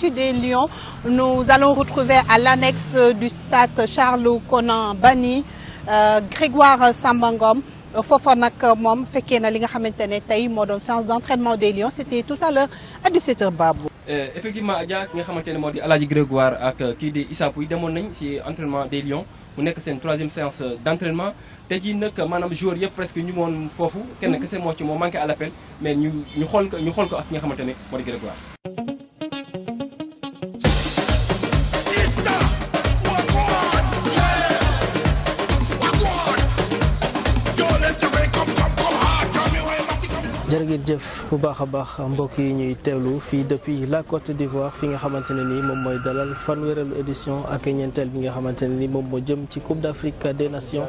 l'actu des Lions, nous allons retrouver à l'annexe du stade Charles Konan Bani euh, Grégoire Sambangom. foofa nag moom fekkee na li nga xamante ne tey moo doon séance d'entraînement des Lions c'était tout à l'heure à 17h Babou. Euh, effectivement Adja ki nga xamante ne moo di El Hadj Grégoire ak kii di Issa Pouye demoon nañ ci entraînement des Lions mu nekk seen troisième séance d'entraînement te ji nag maanaam joueur yëpp presque ñu moon foofu kenn kese moo ci moo manqué à l'appel mais ñu ñu xool ko ñu xool ko ak nga xamante ne moo di Grégoire. jërë jëf bu baax a baax mbokk yi ñuy teelu fii depuis la Côte d'Ivoire fi nga xamante ne nii moom mooy dalal fanweeralu édition ak ñeenteel bi nga xamante ne nii moom moo jëm ci Coupe d'Afrique des Nations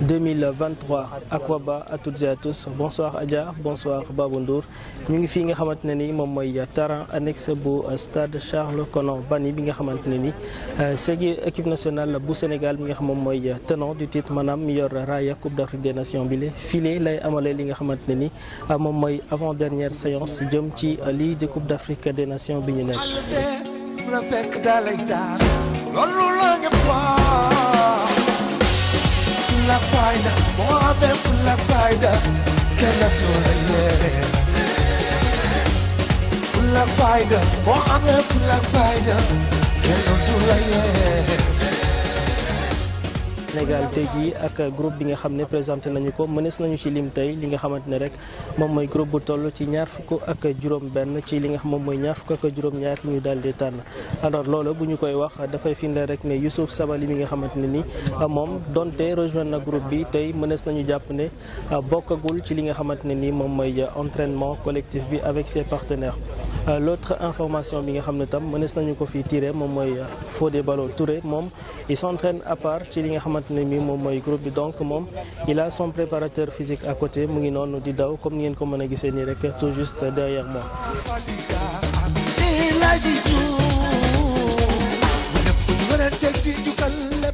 2023 Akwaba à toutes et à tous bonsoir Adja bonsoir Babou Ndour ñu ngi fii nga xamante ne ni moom mooy terrain annexe bu stade Charles Konan Banny bi nga xamante ne ni euh, segi équipe nationale bu Sénégal bi nga xam moom mooy tenant du titre maanaam mi yor raaya Coupe d'Afrique des Nations bi file lay amale li nga xamante ne ni euh, moom mooy avant dernière séance jëm ci lii di Coupe d'Afrique des nation bi ñu nekk fulla fayda moo amee fulla fayda kenn ak yow la yeeree fayda moo amee fulla fayda kenn du la Sénégal tey jii ak groupe bi nga xam ne présenté nañu ko mënees nañu ci lim tey li nga xamante ne rek moom mooy groupe bu toll ci ñaar fukk ak juróom benn ci li nga xam moom mooy ñaar fukk ak juróom ñaar daal di tànn alors loolu bu ñu koy wax dafay firndeel rek ne Youssouf Sabaly mi nga xamante ne ni ah, moom donte rejoindre na groupe bi tey mënees nañu jàpp ne ah, bokkagul ci li nga xamante ne nii moom mooy entraînement collectif bi avec ses partenaires ah, l'autre information bi nga xam ne tam mënees nañu ko fi tiire moom mooy Fodé Ballo Touré moom il s'entraîne à part ci li nga xamante ne mi moom mooy groupe bi donc moom il a son préparateur physique à côté mu ngi noonu di daw comme ni ngeen ko mën a gisee nii rek tout juste derrière moi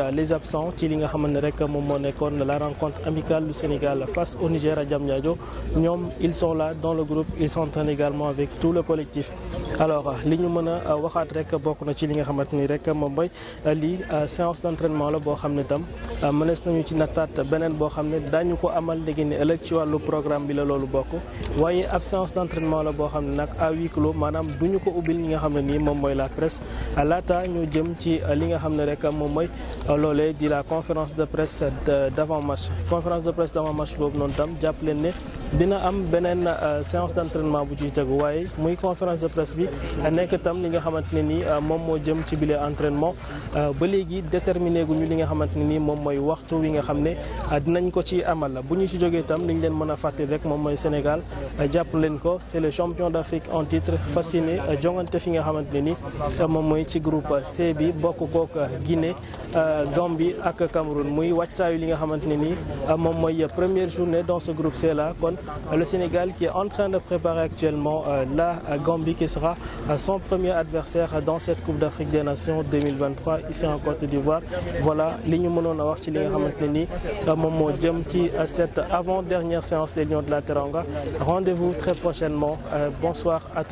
remercier euh, les ci li nga xamante ne rek moom moo nekkoon la rencontre amicale du Sénégal face au Niger à Diamniadio ñoom ils sont là dans le groupe ils s'entendent également avec tout le collectif alors euh, li ñu mën a euh, waxaat rek bokk na ci li nga xamante ni rek moom mooy lii séance d'entraînement la boo xam ne tam mënees nañu ci nattaat beneen boo xam ne daañu ko amal léegi ni ëllëg ci wàllu programme bi la loolu bokk waaye absence d'entraînement la boo xam ne nag à huis clos maanaam du ñu ko ubbil ñi nga xam ne nii moom mooy la presse laata ñu jëm ci li nga xam ne rek moom mooy Euh, loolee di la conférence de presse euh, d'avant-match conférence de presse d'avant-match boobu noonu tam jàpp leen ne dina am beneen euh, séance d' entraînement bu ciy tegu waaye muy conférence de presse bi euh, nekk tam li nga xamante ne ni euh, moom moo jëm ci bile entraînement ba léegi déterminé gu ñu li nga xamante ne ni moom mooy waxtu wi nga xam ne dinañ ko ci amal bu ñu ci jógee tam li ñu leen mën a fàttali rek moom mooy Sénégal jàpp leen ko c' est le champion d' Afrique en titre fasciné jongante fi nga xamante ne ni moom mooy ci groupe C bi bokk kook Guinée Gambie ak Cameroun muy wàccaayu li nga xamante ne ni moom mooy première journée dans ce groupe C kon le Sénégal qui est en train de préparer actuellement euh, la Gambie qui sera euh, son premier adversaire dans cette Coupe d'Afrique des Nations 2023 ici en Côte d'Ivoire voilà li ñu mënoon a wax ci li nga nii euh, moom moo jëm ci cette avant dernière séance des Lions de la Teranga rendez-vous très prochainement bonsoir à